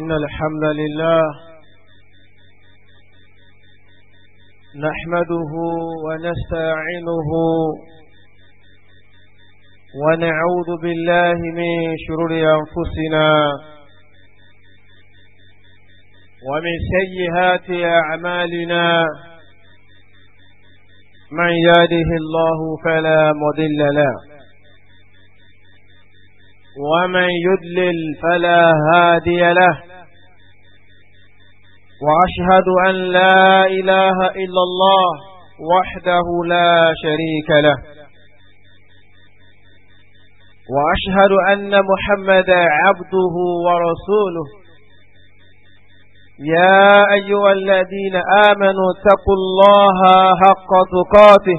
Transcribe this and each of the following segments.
إن الحمد لله نحمده ونستعينه ونعوذ بالله من شرور أنفسنا ومن سيئات أعمالنا من يهده الله فلا مضل له ومن يدلل فلا هادي له وأشهد أن لا إله إلا الله وحده لا شريك له وأشهد أن محمد عبده ورسوله يا أيها الذين آمنوا اتقوا الله حق تقاته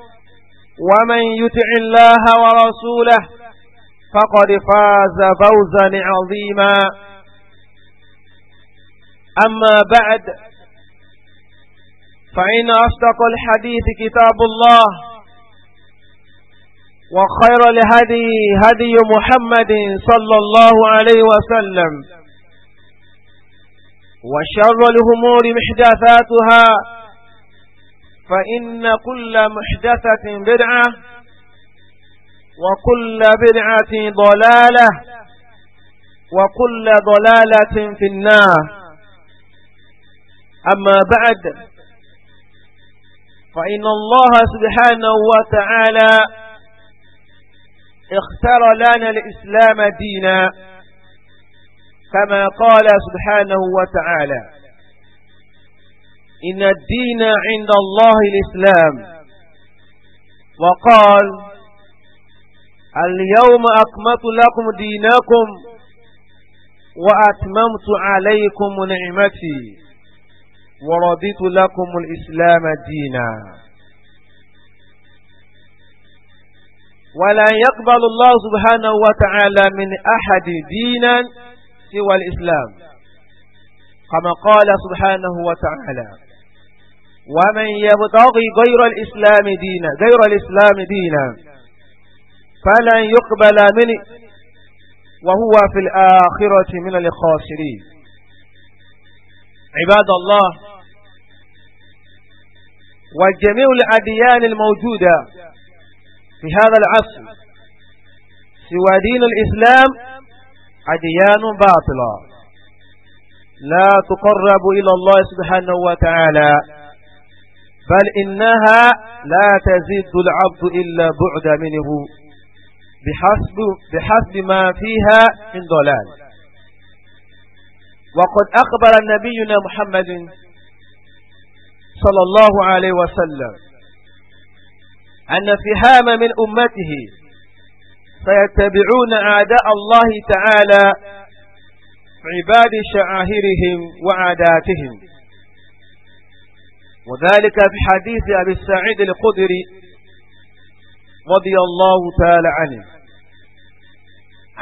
ومن يطع الله ورسوله فقد فاز فوزا عظيما أما بعد فإن أصدق الحديث كتاب الله وخير الهدي هدي محمد صلى الله عليه وسلم وشر الهمور محدثاتها فإن كل محدثة بدعة وكل بدعة ضلالة وكل ضلالة في النار أما بعد فإن الله سبحانه وتعالى اختار لنا الإسلام دينا كما قال سبحانه وتعالى إن الدين عند الله الإسلام وقال اليوم أكملت لكم دينكم وأتممت عليكم نعمتي ورضيت لكم الإسلام دينا ولا يقبل الله سبحانه وتعالى من أحد دينا سوى الإسلام كما قال سبحانه وتعالى ومن يبتغي غير الإسلام دينا غير الإسلام دينا فلن يقبل منه وهو في الآخرة من الخاسرين عباد الله وجميع الأديان الموجودة في هذا العصر سوى دين الإسلام أديان باطلة لا تقرب إلى الله سبحانه وتعالى بل إنها لا تزيد العبد إلا بعد منه بحسب, بحسب ما فيها من ضلال وقد أخبر نبينا محمد صلى الله عليه وسلم أن فهام من أمته فيتبعون أعداء الله تعالى عباد شعاهرهم وعاداتهم وذلك في حديث أبي السعيد الخدري رضي الله تعالى عنه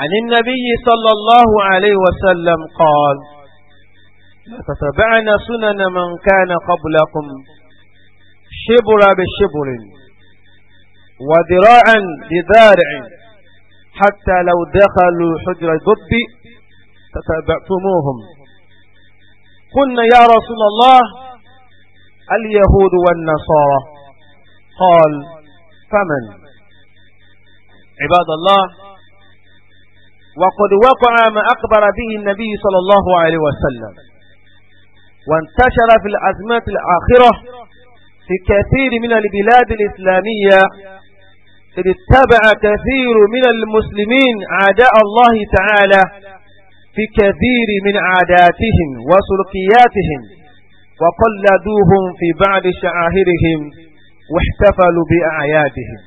عن النبي صلى الله عليه وسلم قال فتبعنا سنن من كان قبلكم شبر بشبر وذراعا بذارع حتى لو دخلوا حجر الضب تتبعتموهم قلنا يا رسول الله اليهود والنصارى قال فمن عباد الله وقد وقع ما أخبر به النبي صلى الله عليه وسلم وانتشر في الأزمات الآخرة في كثير من البلاد الإسلامية إذ اتبع كثير من المسلمين عداء الله تعالى في كثير من عاداتهم وسلوكياتهم وقلدوهم في بعض شعائرهم واحتفلوا بأعيادهم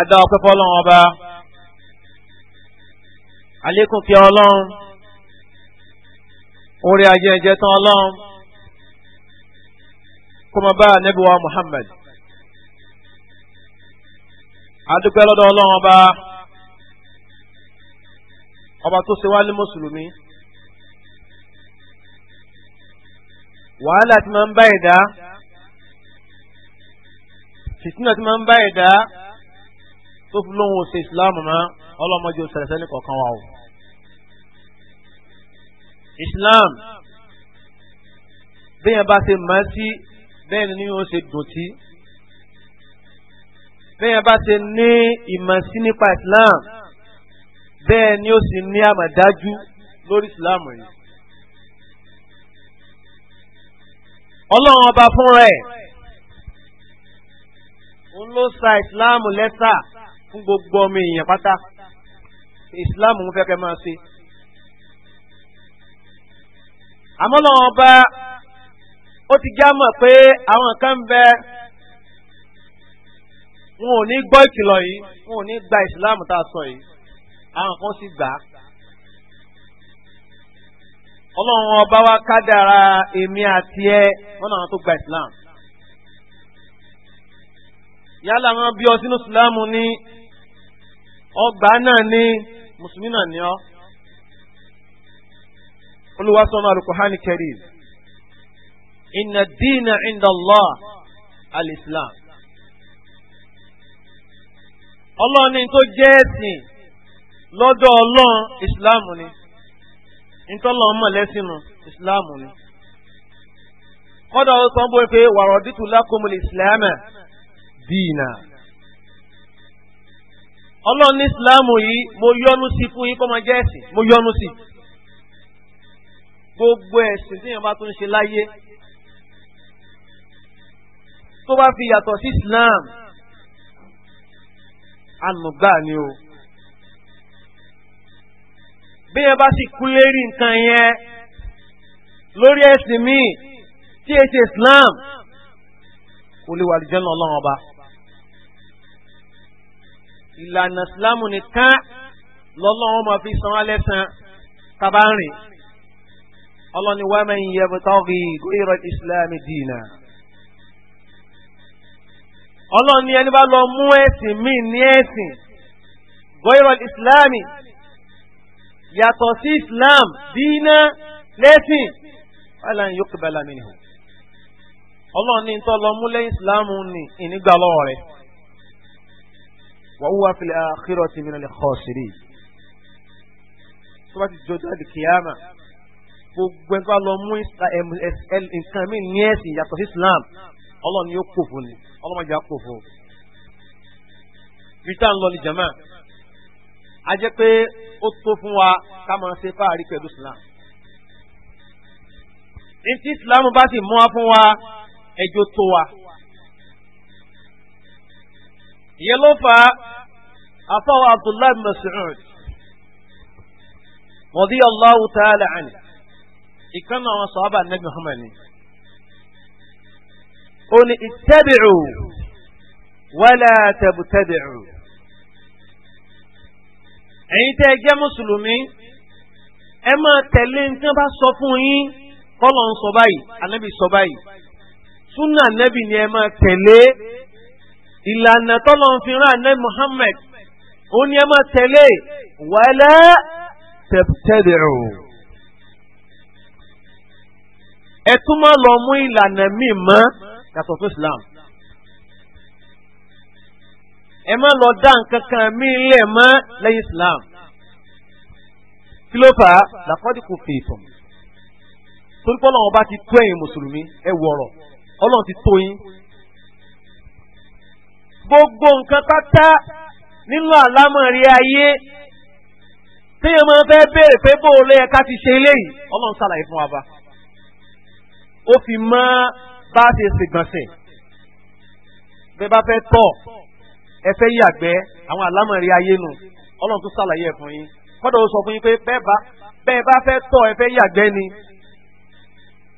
ada ọpẹ́ fọ́lọ́run ọba àlékún kí Ọlọ́run orí ajé ẹjẹ tán Ọlọ́run kó máa bá ànábì wa Muhammad adúpẹ́ lọ́dọ̀ Ọlọ́run ọba ọba tó ṣe wá ní mùsùlùmí. wàhálà tí máa ń bá ẹ̀dá fìtínà tí máa ń bá ẹ̀dá tó fi lóhun ṣe ìsìláàmù mọ́ ọlọ́mọdé òṣèlésẹ́ ní kọ̀ọ̀kan wa o. islam bẹ́ẹ̀ bá ṣe máa sí bẹ́ẹ̀ ni yóò ṣe dùn tí bẹ́ẹ̀ bá ṣe ní ìmọ̀ sí nípa islam bẹ́ẹ̀ ni ó sì ní àmọ̀dájú lórí islam yìí. ọlọ́run ọba fún rẹ̀ ń ló sa ìsìláàmù lẹ́tà fún gbogbo ọmọ èèyàn pátá ìsìláàmù ń fẹ́kẹ́ máa ṣe. àmọ́ ọlọ́run ọba ó ti já mọ̀ pé àwọn kan ń bẹ wọn ò ní gbọ́ ìkìlọ̀ yìí wọn ò ní gba ìsìláàmù tá a sọ yìí àwọn kan sì gbà á. ọlọ́run ọba wa kádàrá èmi àti ẹ wọn náà tó gba islam yálà wọn bí ọ sínú islam ní ọgbà náà ní mùsùlùmí náà ní ọ olùwàsánà alukuhani karim inna diina inda allah alislam ọlọ́run ní tó jẹ́ ẹ̀sìn lọ́dọ̀ islam ni. ntọ́lọ́ ọmọ lẹ́sìnù ìsìláàmù ni. kọ́dọ̀ ó sọ bó pé wàrọ̀ dìtú lákòmù ìsìláàmù dìínà. ọlọ́run ní ìsìláàmù yìí mo yọ́nú sí fún yín kó máa jẹ́ ẹ̀sìn mo yọ́nú sí. gbogbo ẹ̀sìn tí èèyàn bá tún ṣe láyé tó bá fi yàtọ̀ sí islam ànùgbà ni o bí yẹn bá sì kú lérí nǹkan yẹn lórí ẹ̀sìn míì tí è ṣe Islam kò lè wà lùjẹ́ náà ọlọ́run ọba ìlànà Islam nìkan lọ́lọ́run máa fi san alẹ́ san tábà ń rìn ọlọ́ni wa man yabtaghi ghayra al-Islam dina ọlọ́ni ẹni bá lọ mú ẹ̀sìn míì ní ẹ̀sìn ghayra islam yàtọ̀ sí islam dínà lẹ́sìn falan yuqbala minhu ọlọ́run ní tó lọ múlẹ̀ islam ní ìnígbà lọ́wọ́ rẹ̀ wa huwa fil akhirati minal khasirin tó bá ti jọjọ́ di kìyàmà gbogbo ẹni tó bá lọ mú nǹkan mi ní ẹ̀sìn yàtọ̀ sí islam ọlọ́run yóò kò fún ni ọlọ́run yóò kò fún bí táà ń lọ ní jama a jẹ́ pé ó tó fún wa ká máa ṣe fáàrí pẹ̀lú islam ntí islam bá sì mú wa wa ẹjọ́ tó wa ìyẹn ló abdullahi mas'ud radiyallahu ta'ala anhu ìkan náà wọn sọ̀rọ̀ bá nẹ́bí muhammad ni. ó ní ittabi'u ẹ̀yin tẹ́ ẹ jẹ́ mùsùlùmí ẹ máa tẹ̀lé ní tí wọ́n bá sọ fún yín kọ́lọ̀ ń sọ báyìí anábì sọ báyìí súnà anábì ni ẹ máa tẹ̀lé ìlànà tọ́lọ̀ ń fi rán anábì Muhammad ó ní ẹ máa tẹ̀lé wala tabtadi'u. ẹ tún lọ mú ìlànà míì mọ́ yàtọ̀ fún Islam ẹ má lọ dá nǹkan kan mí lẹ̀ mọ́ lẹ́yìn islam kí ló fà á làkọ́dí kò fè tán torí pé ọlọ́run ọba ti tó ẹ̀yin mùsùlùmí ẹ wọ̀rọ̀ ọlọ́run ti tó yín gbogbo nǹkan pátá nínú àlámọ̀rí ayé téèyàn máa fẹ́ béèrè pé bó lé ẹ̀ka ti ṣe eléyìí ọlọ́run ṣàlàyé fún wa bá ó fi mọ́ bá a ṣe ṣègbọ̀nsẹ̀ bẹ́ẹ̀ bá fẹ́ tọ̀ ẹ fẹ́ yàgbẹ́ àwọn àlámọ̀rí ayé nu ọlọ́run tó sàlàyé ẹ̀ fún yín kọ́dọ̀ ó sọ fún yín pé bẹ́ẹ̀ bá fẹ́ tọ̀ ẹ fẹ́ yàgbẹ́ ni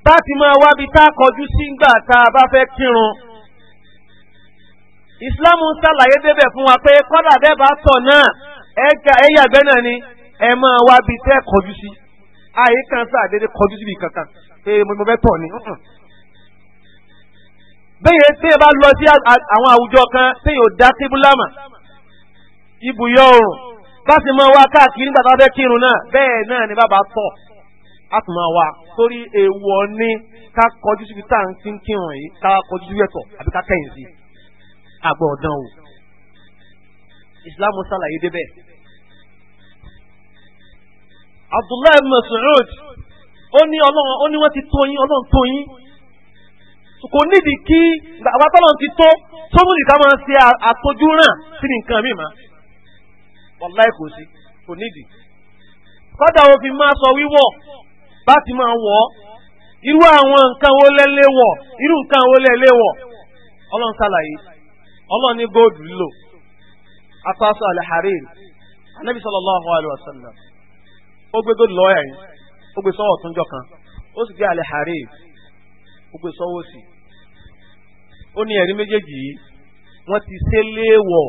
láti máa wábi tá a kọjú sí ńgbà tá a bá fẹ́ kírun ìsìláàmù sàlàyé débẹ̀ fún wa pé kọ́dà bẹ́ẹ̀ bá tọ̀ náà ẹ yàgbẹ́ náà ni ẹ máa wábi tẹ́ kọjú sí àyíká sáà kọjú síbi kankan pé mo fẹ́ tọ̀ ni bẹ́ẹ̀ tẹ́yẹ bá lọ sí àwọn kan teyoda tebulama. dá tíbúlámà ibùyọ oòrùn bá sì máa wá káàkiri nígbà tá a bẹ́ẹ̀ náà ni bàbá tọ̀ a tún máa wá torí ni ká kọjú síbi tá à ń ti ń kírun yìí ká kọjú síbi ẹ̀tọ̀ àbí ká kẹ́yìn sí àgbọ̀ ọ̀dàn o ìsìlámù sàlàyé débẹ̀. Abdullahi ó ní ọlọ́run ó ní wọ́n ti tó yín ọlọ́run kò nídìí kí àwọn tọ́lọ̀ ti tó sọ́mù nìkan máa ṣe àtọ́jú ràn sí nǹkan mi mọ́ wàláì kò sí kò nídìí. kọ́dà òfin máa sọ wíwọ̀ bá ti máa wọ̀ ọ́ irú àwọn nǹkan wo lẹ́lẹ́ wọ̀ irú nǹkan wo lẹ́lẹ́ wọ̀ ọlọ́run ṣàlàyé ọlọ́run ní góòdù aṣọ àlẹ́hàrẹ́rì anábì ó gbé kan ó sì gbé ó gbé sọ́wọ́ sí ó ní ẹ̀rí méjèèjì yìí wọ́n ti ṣe léèwọ̀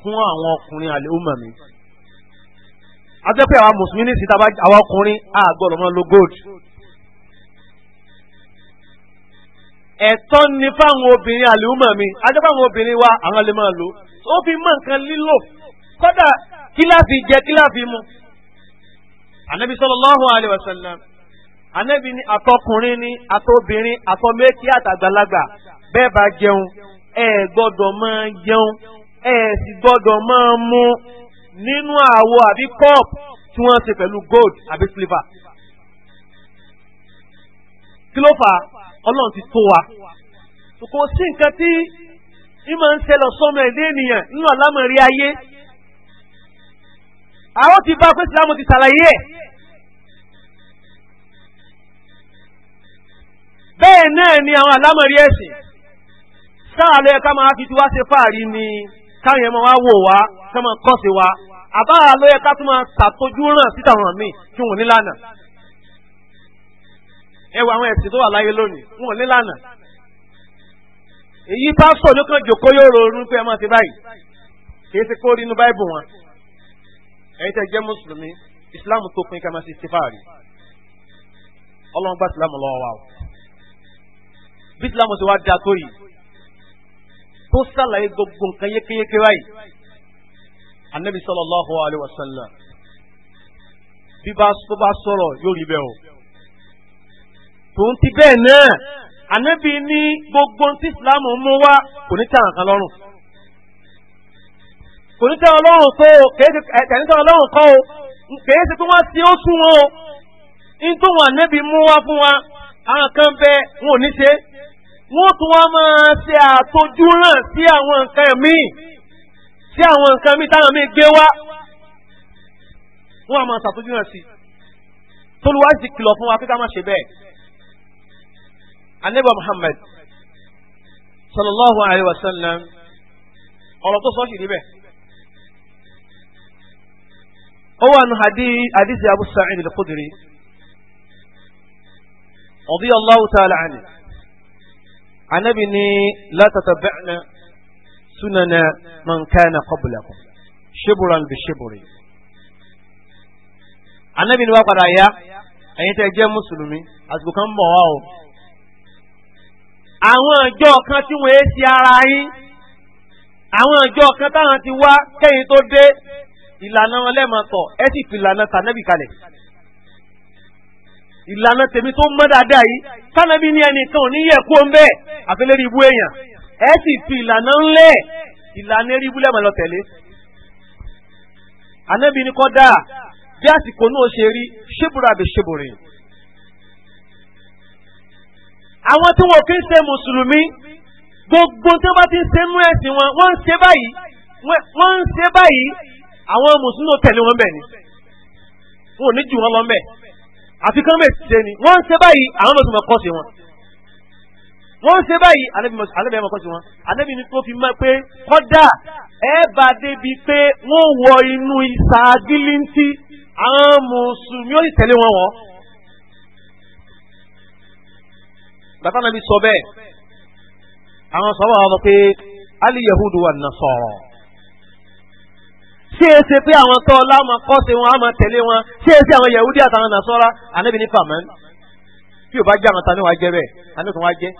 fún àwọn ọkùnrin àlè ó mọ̀ mí ajẹ́pẹ́ àwa mùsùlùmí ní síta àwa ọkùnrin àgbọ̀dọ̀ máa lo gold. ẹ̀tọ́ ni fáwọn obìnrin àlùmọ̀ mi ajẹ́pẹ́ àwọn obìnrin wa àwọn lè máa lò ó fi mọ nǹkan lílò kódà kíláàfì jẹ kíláàfì mu. ànábi sallallahu alaihi wasallam anabi ni atọkùnrin ni atọbìnrin atọmẹkì àtàgbàlagbà bẹ́ẹ̀ bá jẹun ẹ gbọ́dọ̀ máa jẹun ẹ sì gbọ́dọ̀ máa mu nínú àwo àbí cup tí wọ́n ṣe pẹ̀lú gold àbí silver kí ló fà á ọlọ́run ti tó wa kò sí nǹkan tí ní máa ń ṣẹlẹ̀ sọmọ ẹ̀dẹ́ ènìyàn nínú àlámọ̀rí ayé àwọn ti bá pé sàlámù ti ṣàlàyé ẹ̀. bẹ́ẹ̀ náà ni àwọn àlámọ̀rí ẹ̀sìn sáàlẹ̀ ká máa fi ti wá ṣe fàárí ni káyẹ̀ máa wá wò wá ká máa kọ́ sí wa àbá àlọ́yẹ ká tún máa ṣàtọ́jú ràn síta hàn mí kí wọ́n ní lánàá ẹ wo àwọn ẹ̀sìn tó wà láyé lónìí wọ́n ní lánàá èyí pásítọ̀ ló kàn jòkó yóò ronú pé ẹ máa ṣe báyìí kì í ṣe kó rí inú báìbù wọn ẹ̀yin tẹ́ jẹ́ mùsùlùmí ìsìláàmù tó pin ká máa ṣe ṣe fàárí ọlọ́run bá ìsìláàmù lọ́wọ́ wa o bí Islam ṣe wá da sórí tó sàlàyé gbogbo nǹkan yékéyéké báyìí anabi sallallahu alayhi wa sallam bí bá tó bá sọ̀rọ̀ yóò rí bẹ́ẹ̀ o tòun ti bẹ́ẹ̀ náà anabi ní gbogbo tí Islam mú wá kò ní tàn kan lọ́rùn kò ní tàn lọ́rùn kó o kèé tàn lọ́rùn kó o kèé ti tó wá sí ó sún wọn o nítorí wọn anabi mú wá fún wa àwọn kan bẹ wọn ò ní ṣe wọ́n tún wá máa ṣe àtọ́jú ràn sí àwọn nǹkan míì sí àwọn nǹkan míì táwọn míì gbé wá wọ́n á máa ṣàtọ́jú ràn sí tolúwa sì kìlọ̀ fún wa pé ká má ṣe bẹ́ẹ̀ anabi muhammad sallallahu alayhi wa sallam ọ̀rọ̀ tó sọ sí níbẹ̀ ó wà nù hadith abu sa'id al-khudri Qudri. Allahu ta'ala anhu anabi ni látàtàbẹ́ẹ̀nà sunana mankana qablakum shiburan bi shiburi anabi ni wàá padà yá ẹ̀yin tẹ́ jẹ́ mùsùlùmí àsìkò kan bọ̀ wá o àwọn ìjọ kan tí wọ́n ti ara yín àwọn ìjọ kan táwọn ti wá kẹ́yìn tó dé ìlànà wọn lẹ́ẹ̀mọ́tọ̀ ẹ sì fi ìlànà tànẹ́bì kalẹ̀ ìlànà tèmi tó mọ́ dáadáa yìí sánàbí ní ẹnìkan ò ní yẹ kó ń bẹ́ẹ̀ àfẹlẹ́rí ibú èèyàn ẹ sì fi ìlànà ńlẹ̀ ìlànà eré ibú lẹ́mọ̀ lọ tẹ̀lé. ànábì ní kọ́ dáa bí àsìkò náà ṣe rí ṣébùrà bí ṣébùrì. àwọn tí wọn kì í ṣe mùsùlùmí gbogbo tí wọn bá ti ń ṣe mú ẹ̀sìn wọn wọ́n ń ṣe báyìí wọ́n ń ṣe báyìí àwọn mùsùlùmí tẹ̀lé wọn bẹ̀ ni wọn ò ní jù wọn lọ bẹ́ẹ̀ àfi kán bẹ̀ ṣe ni wọ́n ń ṣe báyìí àwọn ọmọ kọ́ sí wọn wọ́n ń ṣe báyìí alẹ́bẹ̀ẹ́ ọmọ kọ́ sí wọn alẹ́bí ni tó fi mọ́ pé kọ́dà ẹ bá débi pé wọ́n wọ inú ìsà gílíntì àwọn mùsùlùmí ó sì tẹ̀lé wọn wọ́n. bàtà náà mi sọ bẹ́ẹ̀ àwọn sọ wà wọn pé aliyahudu wà nasara ṣé é ṣe pé àwọn tọ́ láwọn kọ́ sí wọn á máa tẹ̀lé wọn ṣé é ṣe àwọn yahudi àtàwọn nasọ́ra ànábì ní fàmán tí ò bá jẹ́ àwọn tani wàá jẹ́ bẹ́ẹ̀ ànábì wàá jẹ́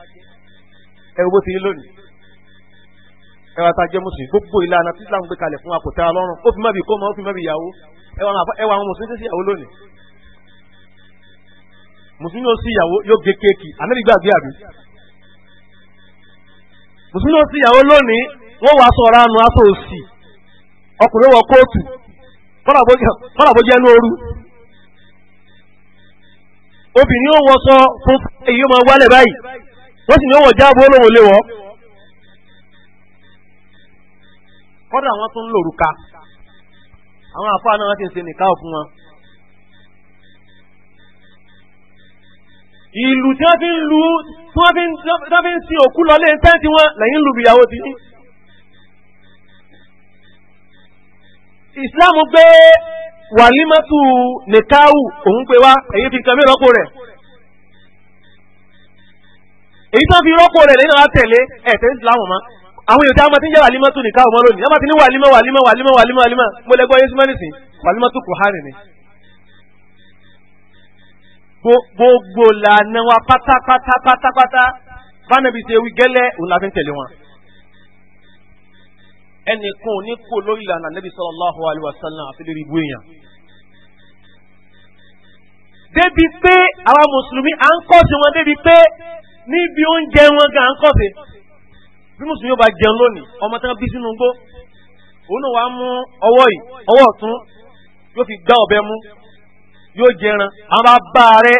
ẹ wo bó ti rí lónìí ẹ wàá ta jẹ́ mùsùlùmí gbogbo ìlànà tí islam gbé kalẹ̀ fún wa kò tẹ́ wa lọ́rùn ó fi má bi kó mọ́ ó fi má bi yàwó ẹ wà àwọn mùsùlùmí sí ìyàwó lónìí mùsùlùmí ó sí ìyàwó yóò gé kéèkì ànábì gbàgbé àbí mùsùlùmí ó sí ìyàwó lónìí wọ́n wàá sọ̀rọ̀ àánú aṣọ òsì ọkùnrin wọ kóòtù kọ́nà bó jẹ́ lóoru obìnrin ó wọṣọ fún èyí ó máa wálẹ̀ báyìí wọ́n sì ní ó wọ̀ jáàbù olóhùn lé wọ́ kọ́dà wọn tún lòrùka àwọn àfáà náà ti ń ṣe nìkáwọ̀ fún wọn. ìlù tí wọ́n fi ń lu tí wọ́n fi ń sin òkú lọ lé ń tẹ́ǹtì wọn lẹ́yìn lùbìyàwó ti ní. islam gbé wàlímọ́tù nìkáwù òun pé wá èyí fi nǹkan mi rọ́pò rẹ̀ èyí tó fi rọ́pò rẹ̀ lẹ́yìn náà tẹ̀lé ẹ̀tẹ́ islam mọ́ àwọn èèyàn tí a máa ti ń jẹ́ wàlímọ́tù nìkáwù mọ́ lónìí a máa ní wàlímọ́ wàlímọ́ wàlímọ́ wàlímọ́ wàlímọ́ mo lẹ́gbọ́ yéṣu mẹ́rìnsìn wàlímọ́tù kùhánì ni gbogbo làánà wa pátápátápátápátá bánàbí ṣe wí gẹ́lẹ́ òun la fi ń tẹ̀lé wọn ẹnìkan ò ní kó lórí ìlànà Nabi sallallahu alaihi wasallam àfi lórí ibú èèyàn. débi pé àwọn mùsùlùmí à ń kọ́ sí wọn débi pé níbi oúnjẹ wọn gan à ń kọ́ sí bí mùsùlùmí yóò bá jẹun lónìí ọmọ tán bí sínú gbó òun náà wàá mú ọwọ́ yìí ọwọ́ ọ̀tún yóò fi gbá ọ̀bẹ mú yóò jẹran àwọn bá bá rẹ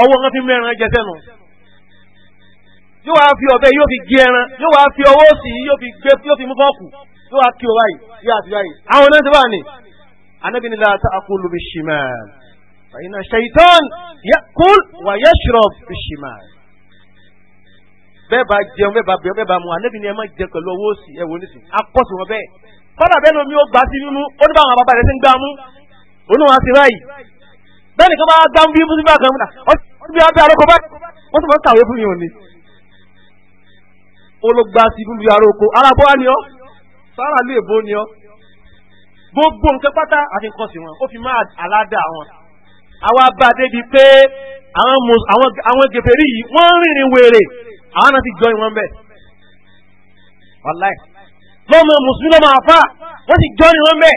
ọwọ́ wọn fi mẹ́ran jẹ sẹ́nu yóò wá fi ọ̀bẹ yóò fi gé ẹran yóò wá fi ọwọ́ sí yóò fi mú fọ́ọ̀kù yóò wá kí o báyìí yóò àti báyìí àwọn náà ti bá ní. anabi ni láta akulu bi shimal fàyínà shaitan yakul wà yashrob bi shimal. bẹ́ẹ̀ bá jẹun bẹ́ẹ̀ bá bẹ́ẹ̀ bẹ́ẹ̀ bá mu anabi ni ẹ má jẹ pẹ̀lú owó sí ẹ wò ní sìn akọ́sù wọn bẹ́ẹ̀ kọ́dà bẹ́ẹ̀ lomi ó gbà sí mímú ó ní báwọn bàbá rẹ̀ ti ń gbà mú sí báyìí bẹ́ẹ̀ sára lè bó ni ọ́ gbogbo nǹkan pátá àti nǹkan sí wọn ó fi máa aládà wọn àwa bá débi pé àwọn gèfèrí yìí wọ́n rìnrìn wèrè àwọn náà ti jọ ìwọ̀n bẹ́ẹ̀ wàláì lọ́mọ mùsùlùmí lọ́mọ àfà wọ́n ti jọ ìwọ̀n bẹ́ẹ̀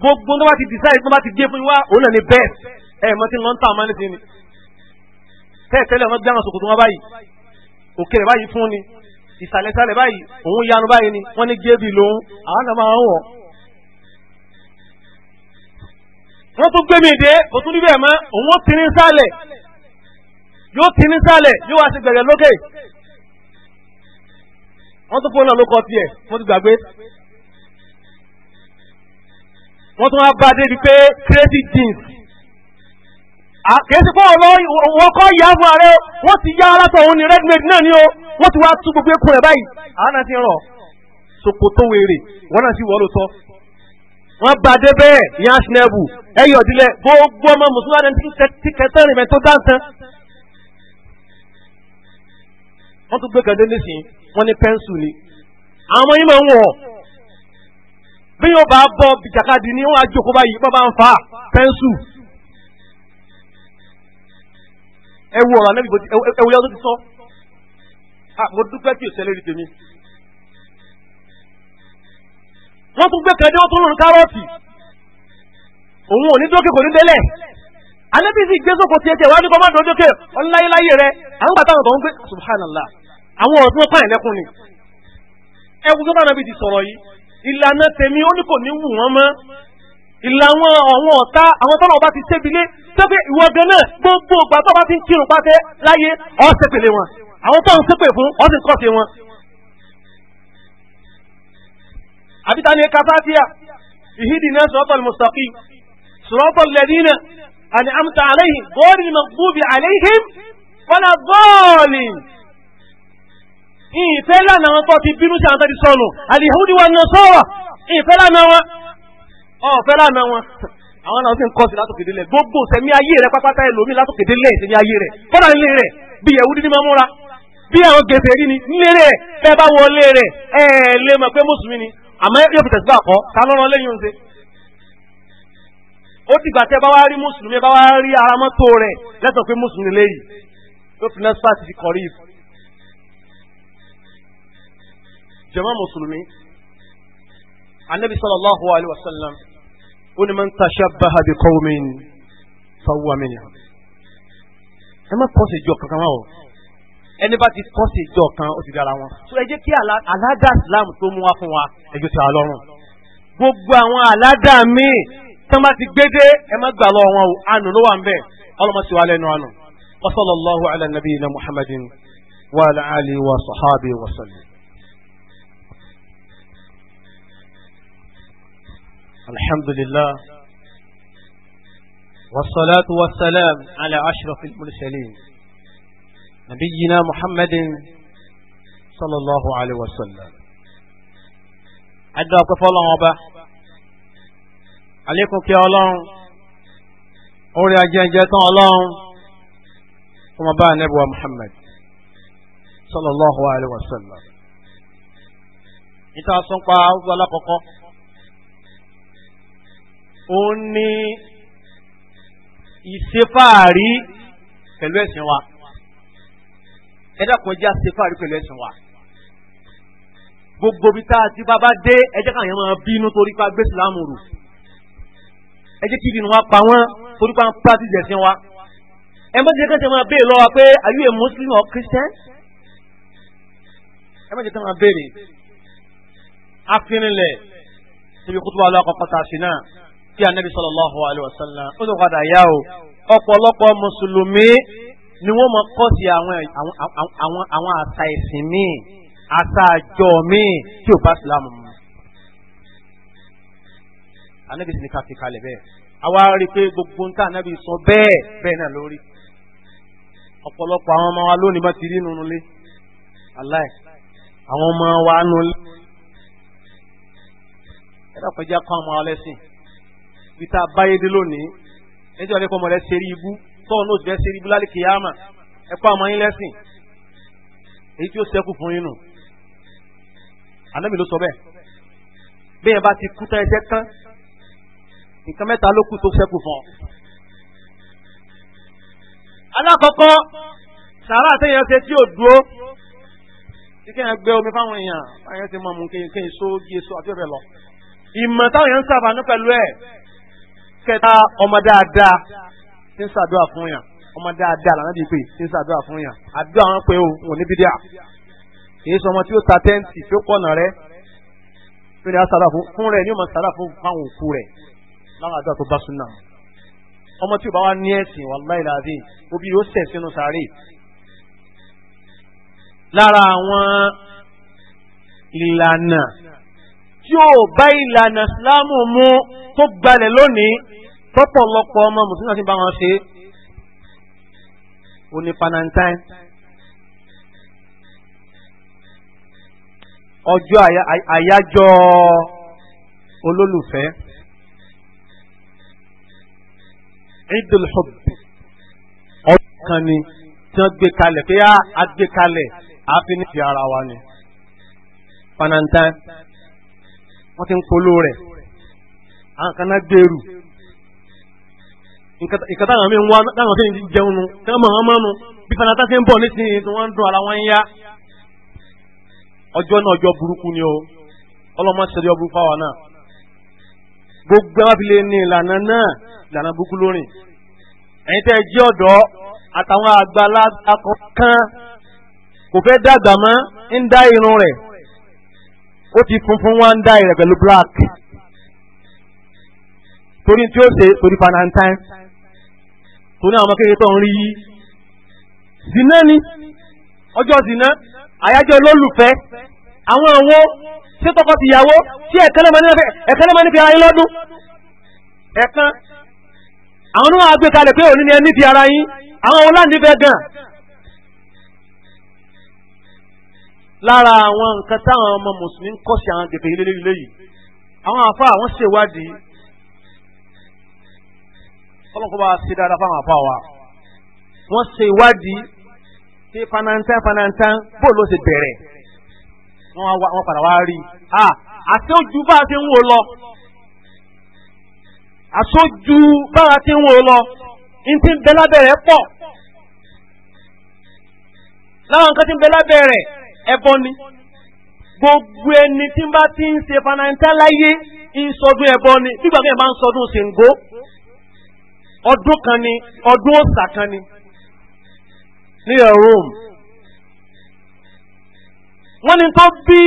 gbogbo tó bá ti decide tó bá ti gbé fún wa òun náà ni best. ẹ̀ mọ́ tí wọ́n ń tà máa ni tẹ́ẹ̀ tẹ́lẹ̀ wọ́n gbé àwọn sòkòtò wọn báyìí òkè báyìí ìsàlẹ̀sàlẹ̀ báyìí òun yanu báyìí ni wọ́n ní gébì lòun àwọn náà máa ń wọ̀. wọ́n tún gbé mi dé kò tún níbẹ̀ mọ́ òun ó ti ní sálẹ̀ yóò ti ní sálẹ̀ yóò wá sí gbẹ̀gẹ̀ lókè. wọ́n tún fún náà ló kọ tiẹ̀ wọ́n ti gbàgbé. wọ́n tún wá bá débi pé crazy jeans kèésì pọ́ wọ́n kọ́ ìyá fún ààrẹ wọ́n ti yá alátọ̀ òun ni redmade náà ni ó wọ́n ti wá tú gbogbo ẹkùn rẹ̀ báyìí àánà ti rọ̀ ṣòkòtò wèrè wọ́n náà sì wọ́ ló sọ. wọ́n bá dé bẹ́ẹ̀ ìyá sinabu ẹ̀yẹ ọ̀dílẹ̀ gbogbo ọmọ mùsùlùmí ti kẹtẹ́rìn mẹ́ tó dáńtán. wọ́n tún gbé kẹ́ndé nísìnyí wọ́n ní pẹ́ńsù ni àwọn yìí máa ń wọ̀ bí yóò bá bọ́ bìjàkadì ni wọ́n á jókòó báyìí bọ́ bá ń fa pẹ́ńsù ẹ wo ọ̀rọ̀ anábì ẹ wo yàtọ̀ ti sọ mo dúpẹ́ tí o ṣẹlẹ̀ rí tèmi. wọ́n tún gbé kẹ́ndé wọ́n tún lòun kárọ̀ọ̀tì òun ò ní dókè kò ní délẹ̀ anábì sì gbé sóko tiẹ̀ tiẹ̀ wá ní kọ́ má dọ́jọ́ kẹ́ ọ̀nláyéláyé rẹ àwọn gbàtà àwọn tó ń gbé subhanallah àwọn ọ̀rọ̀ tí wọ́n pààyàn lẹ́kùn ni ẹ wo gbọ́dọ̀ anábì ti sọ̀rọ̀ yìí ìlànà tèmi ó ní kò ní wù wọ́n mọ́ ìlà àwọn àwọn ọ̀tá àwọn tọ́nà ọba ti ṣébilé tẹ́fẹ́ ìwọ gan náà gbogbo ìgbà tó bá ti ń kírun pátẹ́ láyé ọ́ ṣépèlé wọn àwọn tó ń fún ọ́ sì wọn. àbíta ni kafáfíà ìhídì náà sọ́tọ̀ mùsàkì sọ́tọ̀ lẹ́dínà àni amta aláìhìn bọ́ọ̀lì mọ̀gbúbi aláìhìn wọ́nà bọ́ọ̀lì. ìfẹ́ lánàá wọn tó ti bínú sí àwọn ọ̀fẹ́ lánàá wọn àwọn náà ti ń kọ́sí látòkè délẹ̀ gbogbo sẹ̀mí ayé rẹ̀ pápátá ẹ̀ lómi látòkè délẹ̀ sẹ̀mí ayé rẹ̀ kọ́dà nílé rẹ̀ bí ẹ̀wú dídí máa múra bí àwọn gèsè rí ni nílé rẹ̀ bẹ́ẹ̀ bá wọlé rẹ̀ ẹ̀ lè mọ̀ pé mùsùlùmí ni àmọ́ yóò fi tẹ̀síwá kọ́ ká lọ́rọ́ lẹ́yìn oúnjẹ. ó ti gbà tẹ́ bá wá rí mùsùlùmí bá wá rí ara mọ́tò rẹ̀ lẹ́tọ̀ pé mùsùlùmí léyìí yóò fi nẹ́sípà ti fi kọ̀rí ìfọ̀. jàmá sallallahu alayhi wa ó ní man tashabbaha bi qawmin fahuwa minhum. ẹ má kọ́ sí ìjọ kankan wá o ẹni bá ti kọ́ sí ìjọ kan ó ti dára wọn. sọ ẹ jẹ́ kí aládà islam tó mú wá fún wa ẹjọ́ ti wà lọ́rùn. gbogbo àwọn aládà míì tán bá ti gbédé ẹ má gbà lọ wọn o àánú ló wà ń bẹ ọlọ́mọ ti wà lẹ́nu àánú. wa sallallahu ala nabiyyina muhammadin wa ala alihi wa sahbihi wa sallam. الحمد لله والصلاة والسلام على أشرف المرسلين نبينا محمد صلى الله عليه وسلم أدى كفى الله أبا عليكم كي الله أولي أجان جاتان الله وما بقى نبوة محمد صلى الله عليه وسلم إتا سنقى أولا قوقو òun ni ìṣefáàrí pẹ̀lú ẹ̀sìn wa ẹ dákun ẹjẹ́ àṣefáàrí pẹ̀lú ẹ̀sìn wa gbogbo bí tá a ti bábá dé ẹjẹ́ káwọn yẹn máa bínú torí pa gbé sùlámù rù ẹjẹ́ kí ìbínú wa pa wọ́n torí pa ń pàtìsì ẹ̀sìn wa ẹ má ti jẹ́ kẹ́sẹ̀ máa béèrè lọ́wọ́ pé are you a muslim or christian ẹ má ti jẹ́ kẹ́sẹ̀ máa béèrè afinilẹ̀ síbi kútu wa lọ́kọ̀ pátá sí náà tí anabi sallallahu alayhi wa sallam ó sì padà yá o ọ̀pọ̀lọpọ̀ mùsùlùmí ni wọ́n mọ kọ́ sí àwọn àṣà ẹ̀sìn míì àṣà àjọ míì tí ò bá sílámù mu. anabi sì ní ká fi kalẹ̀ bẹ́ẹ̀ àwa rí i pé gbogbo ń tà anabi sọ bẹ́ẹ̀ bẹ́ẹ̀ náà lórí ọ̀pọ̀lọpọ̀ àwọn ọmọ wa lónìí má ti rí nínú ilé aláì àwọn ọmọ wa nínú ilé ẹ̀rọ kọjá kọ́ ọmọ wa bí tá a báyé dé lónìí ẹjọ́ ọ̀rẹ́ kọ́ mọ̀lẹ́ sẹ́rí ibú tọ́ọ̀ náà fẹ́ sẹ́rí ibú lálẹ́ kìyàmà ẹ kọ́ àmọ́ yín lẹ́sìn èyí tí ó sẹ́kù fún yín nù ànábì ló sọ bẹ́ẹ̀ bí yẹn bá ti kú tán ẹsẹ̀ tán nǹkan mẹ́ta ló kù tó sẹ́kù fún ọ. alákọ̀ọ́kọ́ sàrà àtẹ̀yẹ ṣe tí ò dúró tí kéèyàn gbé omi fáwọn èèyàn báyẹn ti mọ̀ mú kéèyàn kéèyàn só gé so àti ọ̀bẹ lọ ìmọ̀ táwọn èèyàn ń sàbànú pẹ̀lú ẹ̀ kẹta ọmọ dáadáa ti ń ṣàdúrà fún yàn ọmọ dáadáa làwọn bíi pé ti ń ṣàdúrà fún yàn àdúrà wọn pé o wọn ní bídíà kì í sọ ọmọ tí ó ta tẹ́ǹtì tí ó pọ̀nà rẹ tí ó ní àṣàdúrà fún fún rẹ ní ọmọ ṣàdúrà fún fáwọn òkú rẹ láwọn àdúrà tó bá súnà ọmọ tí ò bá wá ní ẹ̀sìn wàláì làbí òbí yóò sẹ̀ sínú sàárè lára àwọn ìlànà tí ó bá ìlànà ìsìláàmù mú tó gbalẹ̀ lónìí tọ́pọ̀lọpọ̀ ọmọ mùsùlùmí ti bá wọn ṣe ó ní panantain ọjọ́ àyájọ́ olólùfẹ́ idul hub ọdún kan ni tí wọ́n gbé kalẹ̀ pé a gbé kalẹ̀ àfi ní ti ara wa ni panantain. wọ́n ti ń polo rẹ̀ àwọn kan náà dèrú nǹkan táwọn míì wá ń jẹun nu mọ̀ mọ́nu bí fanata ti ń bọ̀ nísìnyí tí wọ́n ń dùn ara wọn yá ọjọ́ náà ọjọ́ burúkú ni o ọlọ́mọ ṣẹlẹ̀ ọbúrú fáwọn náà gbogbo àwọn afilẹ̀ ní ìlànà náà ìlànà burúkú lórí ẹ̀yin tẹ́ ẹ ọ̀dọ́ ó ti funfun wá ń dá pẹ̀lú black torí tí ó ṣe torí valentine torí àwọn kékeré tó ń rí yí zina ni ọjọ́ zina àyájọ́ olólùfẹ́ àwọn òwò ṣé tọkọ si tí ẹ̀kan náà máa ní fi ara yín lọ́dún ẹ̀kan àwọn náà wà pé òní ni ẹ ní ara yín àwọn lára àwọn nǹkan táwọn ọmọ mùsùlùmí ń kọ́ sí àwọn gẹ̀gẹ̀ ilé ilé yìí àwọn àfa àwọn ṣèwádìí ọlọ́kọ̀ bá ṣe dáadáa fáwọn àfa wa wọ́n ṣe ìwádìí pé fanantan fanantan bó ló ṣe bẹ̀rẹ̀ wọ́n padà wá rí i àṣojú bá a ti ń wò lọ àṣojú bá a ti ń wò lọ n ti ń bẹ lábẹ́rẹ́ pọ̀ láwọn nǹkan ti ń bẹ lábẹ́rẹ́ ẹbọ ni gbogbo ẹni tí bá ti ń ṣe fanata láyé ń ẹbọ ni nígbà tí ẹ bá ń sọdún ṣèǹgó ọdún kan ni ọdún òòṣà kan ni ní Rome wọ́n ní tó bí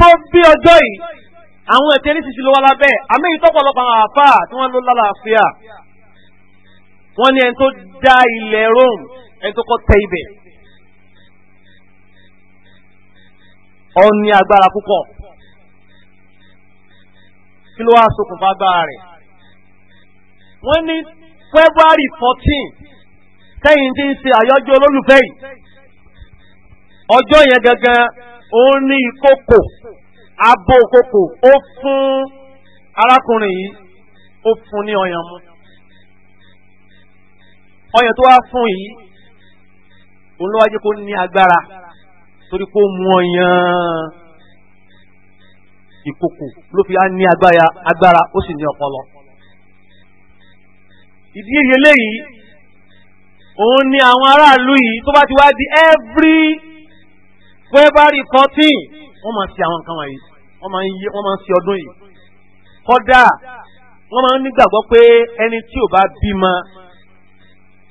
tó bí ọjọ́ yìí àwọn ẹ̀tẹ́ ní ṣíṣe ló wá lábẹ́ àmì ìtọ́pọ̀lọpọ̀ àwọn àfáà tí wọ́n ló lálàáfíà wọ́n ní ẹni tó dá ilẹ̀ Rome ẹni tó kọ́ tẹ ibẹ̀ ó ní agbára púpọ̀ kí ló wá ṣokùnfà agbára rẹ̀ wọ́n ní February fourteen tẹ́yìn tí ń ṣe àyájọ́ olólùfẹ́ yìí ọjọ́ yẹn gangan òun ní ìkókò abo ìkókò ó fún arákùnrin yìí ó fún ní ọyàn mu ọyàn tó wá fún yìí òun ló wá jẹ́ ní agbára. torí pé ó mú ọyàn ìkòkò ló fi á ní agbára ó sì ní ọpọlọ. ìdí èyí eléyìí òun ni àwọn aráàlú yìí tó bá ti wá di every February fourteen wọ́n máa ń ṣe àwọn nǹkan wọ̀nyí wọ́n máa ń yí wọ́n máa ń ṣe ọdún yìí kódà wọ́n máa ń nígbàgbọ́ pé ẹni tí ò bá bímọ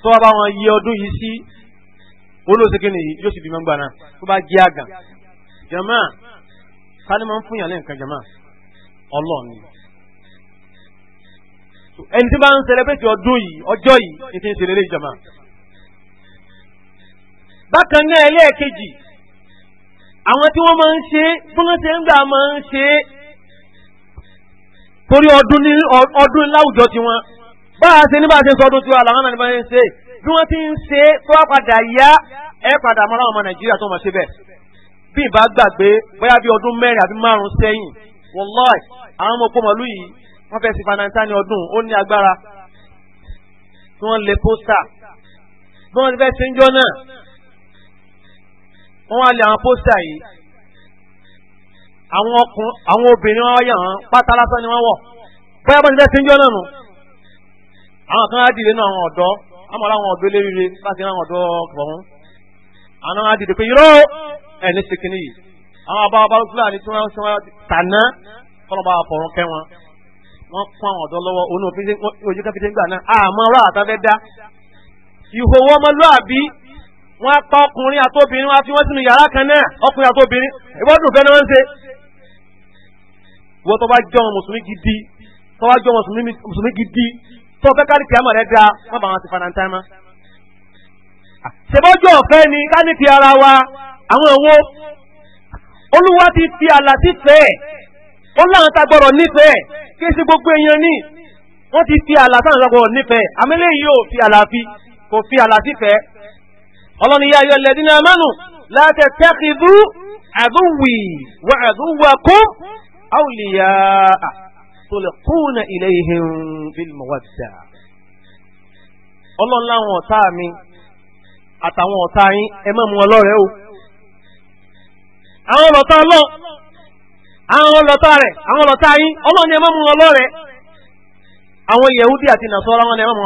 tó bá wọn yí ọdún yìí sí olóòsèké ni yóò sì bímọ gbà náà tó bá jẹ́ àgàn jama sani máa ń fún yàrá nǹkan jama ọlọ́ọ̀ni ẹni tí bá ń sẹlẹ̀bẹ̀tì ọdún yìí ọjọ́ yìí ní ti ń ṣe lélẹ́yìí jama bákan náà ẹlẹ́ẹ̀kejì àwọn tí wọ́n máa ń ṣe fúnlẹ́sẹ̀ ń gbà máa ń ṣe torí ọdún ní ọdún láwùjọ tiwọn báyà ṣe ní bá a ṣe sọ ọdún tiwa làwọn náà bá a ṣe ń ṣe bí wọ́n ti ń ṣe tó wá padà yá ẹ padà mọ́ra ọmọ nàìjíríà tó mọ̀ ṣe bẹ́ẹ̀ bí ìbá gbàgbé bóyá bí ọdún mẹ́rin àbí márùn sẹ́yìn wọláì àwọn ọmọ òpómọlú yìí wọ́n fẹ́ẹ́ sí fanata ní ọdún ó ní agbára tí wọ́n lè pósítà bí wọ́n ti fẹ́ẹ́ ṣe ń jọ náà wọ́n wá lé àwọn pósítà yìí àwọn ọkùn àwọn obìnrin wọn yàn án pátá lásán ni wọ́n wọ̀ bóyá bọ́n ti fẹ́ẹ́ ṣe ń náà nù àwọn kan á dìde náà àwọn ọ̀dọ́ àmọ́ làwọn ọ̀dọ́ léríire láti ráwọn ọ̀dọ́ ọ̀hún. àwọn náà dìde pé irọ́ ẹ̀ ní sèkínì yìí àwọn àbá bá fúlàní tí wọ́n tàná kọ́nà bá fọ̀rọ̀ kẹ́ wọn. wọ́n kún àwọn ọ̀dọ́ lọ́wọ́ onú ojú káfíńtì ń gbà náà àmọ́ ọ̀rọ̀ àtàfẹ́ dá. ìhòòhò ọmọlúàbí wọn apá ọkùnrin àtobìnrin wọn fi wọn sínú yàrá kan náà ọkùnrin àtobìnrin ìbọdún fẹ́ ni wọ́n ń ṣe. wọ́n tó bá jẹ́ wọn mùsùlùmí gidi tó bá jẹ́ wọn mùsùlùmí gidi tó fẹ́ kárí ti àmọ̀ rẹ da wọ́n bá wọn ti fara ntá mọ́. ṣèbọ́jú ọ̀fẹ́ ni ká ní ti ara wa àwọn èwo olúwa ti fi àlà sífẹ̀ẹ́ ó láwọn ta gbọ́dọ̀ nífẹ̀ẹ́ kí sí gbogbo èèyàn ní wọ́n ti fi àlà sáwọn gbọ́dọ̀ nífẹ̀ẹ́ àmẹ́lẹ́ yìí ò fi àlà fi kò fi àlà sífẹ̀ẹ́ ọlọ́ni yá ayọ̀ lẹ́dínà amánu láti tẹ́kìdú àdúwì wà àdúwà kún àwùlíyà yasṭulqūna ilayhim bil-mawaddah. ọlọ́run láwọn ọ̀tá mi àtàwọn ọ̀tá yín ẹ o. àwọn ọlọ́tá lọ àwọn ọlọ́tá rẹ̀ àwọn ọlọ́tá yín ọlọ́run ẹ má mú ọlọ́rẹ̀. àwọn yẹ̀húdí àti nàṣọ́ra wọn ẹ ọmọ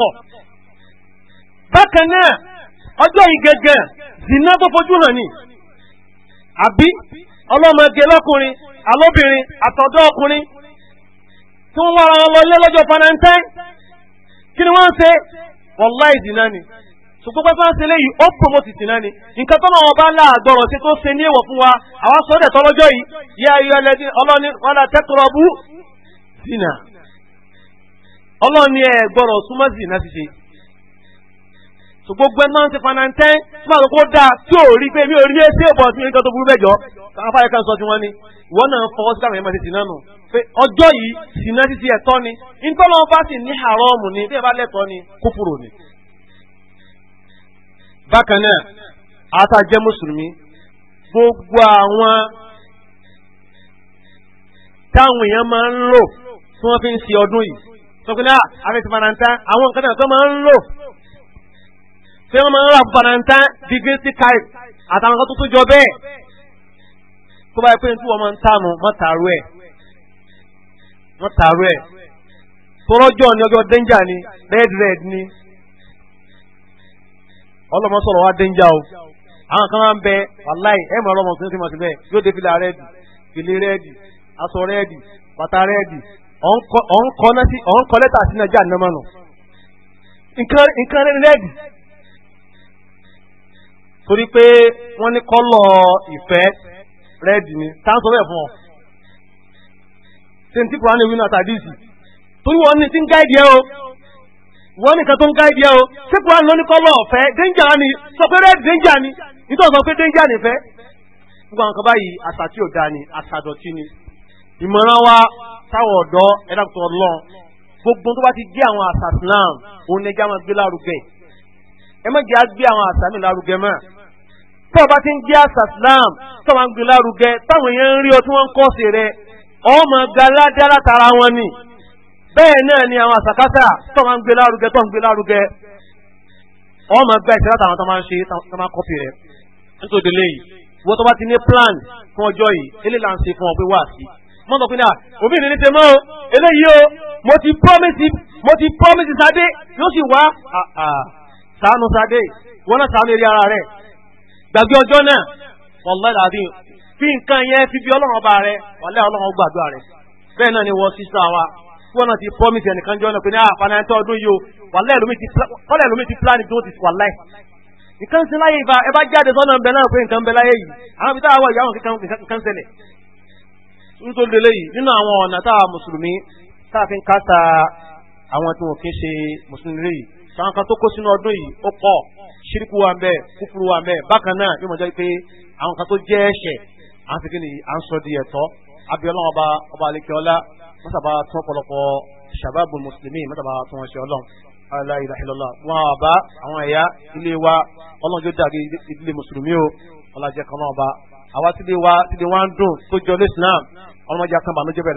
kò ẹnu bákan ọjọ́ yìí zina tó fojú hàn ní àbí ọlọ́mọge lọ́kùnrin alóbìnrin àtọ̀dọ́ ọkùnrin tí wọ́n wára wọn lọ lọ́jọ́ fanantain kí ni wọ́n ń ṣe wallahi zina ni ṣùgbọ́n pẹ́ fún ṣẹlẹ̀ ó promote zina ni nǹkan tọ́nà wọn bá láàgbọ̀rọ̀ sí tó ṣe ní èèwọ̀ fún wa so gbogbo ẹ máa ń ṣe fanantẹ́ tí máa lọ́kọ́ dáa tí ò rí pé mi ò rí ẹsẹ̀ bọ̀ sí nǹkan tó burú bẹ́ẹ̀ jọ afárẹ́ kan sọ tí wọ́n ní ìwọ náà ń fọwọ́ sí káwọn ẹ̀mọ́ ti sìn náà nù pé ọjọ́ yìí sìn náà títí ẹ̀tọ́ ni nítorí wọn bá sì ní haramu ni bí ẹ bá lẹ́tọ́ ni kúfùrù ni. bákan náà ata jẹ́ mùsùlùmí gbogbo àwọn táwọn èèyàn máa ń lò tí wọ́n fi ń ṣe ọdún yìí sọ pé náà àfẹ́sìmọ̀nà ń àwọn nǹkan náà tó máa ń lò tí wọ́n máa ń ra fanantan degree sí káì àtàwọn kan tuntun jọ bẹ́ẹ̀ tó bá yẹ pé tí wọ́n máa ń ni red red ni ọlọ́mọ sọ̀rọ̀ wá o àwọn kan máa ń bẹ wàláì ẹ̀ mọ̀ ọlọ́mọ tuntun máa ti bẹ̀ yóò dé fìlà rẹ́ẹ̀dì fìlè rẹ́ẹ̀dì torí pé wọ́n ní kọ́lọ̀ ìfẹ́ rẹ́ẹ̀dì ni táǹsọ̀ bẹ́ẹ̀ fún ọ. ṣe ń tí kùránì wí náà tàbí ìsì torí wọ́n ní tí ń gáìdì ẹ o wọ́n nìkan tó ń gáìdì ẹ o ṣé kùránì ló ní kọ́lọ̀ ọ̀fẹ́ dénjà ni sọ pé rẹ́ẹ̀dì dénjà ni nítorí sọ pé dénjà ni fẹ́. gbogbo àwọn kan báyìí àṣà tí ò da ni àṣà dọ̀tí ni ìmọ̀ràn wa táwọn ọ̀dọ́ ẹ̀dá gbogbo tó bá ti jẹ́ àwọn àṣà Islam òun ẹja máa gbé lárugẹ ẹ má jẹ́ àgbé àwọn àṣà mi lárugẹ mọ́ tó bá ti ń jẹ́ àṣà Islam tó máa ń gbé lárugẹ táwọn èèyàn ń rí ọ tí wọ́n ń kọ́ sí rẹ ọmọ galádé látara wọn ni bẹ́ẹ̀ náà ni àwọn àṣàkáṣà tó máa ń gbé lárugẹ tó ń gbé lárugẹ ọmọ gba ìṣẹ́ látara tó máa ń ṣe tó máa kọ́ sí rẹ nítorí lẹ́yìn wọ́n tó bá ti ní plan fún ọjọ́ yìí eléyìí là ń ṣe fún ọ pé wá sí mọ́ mọ́ pé náà òbí mi ní ṣe mọ́ o eléyìí o mo ti promise mo ti promise Sade yóò sì wá ah, ah, ṣàánú Sade wọ́n náà ṣàánú eré ara rẹ̀ gbàgbé ọjọ́ náà wàlá ìdàbí fi nǹkan yẹn fi bí ọlọ́run ọba rẹ wàlá ọlọ́run a rẹ bẹ́ẹ̀ náà ni wọ́n sísá wa tí wọ́n náà ti promise ẹnìkan jọ náà pé ní ah, ọdún yìí o ti plan tó ti wàlá ẹ̀ nǹkan sí láyé ẹ bá jáde sọ́nà ń bẹ náà pé ń bẹ láyé yìí ń kásá àwọn tí wọn ṣe mùsùlùmí yìí sọ àwọn kan tó ṣíríkù wà ń bẹ kúfúrú wà ń bákan náà yóò máa jẹ́ pé àwọn kan tó jẹ́ ẹ̀ṣẹ̀ à ń segin ni à ń sọ di ẹ̀tọ́ abiola ọba ọba alekeola mọ́tàbá tún ọ̀pọ̀lọpọ̀ shababu muslimi, mọ́tàbá tún ọ̀ṣẹ̀ ọlọ́run ala ilaha illallah wọn àbá àwọn ẹ̀yà ilé wa ọlọ́run jó dàbí ilé mùsùlùmí o ọlọ́jẹ́ kan náà ọba àwa ti lè wa ti lè wa ń dùn tó jọ ní islam ọlọ́mọdé akánbà ló jẹ́ bẹ̀rẹ̀.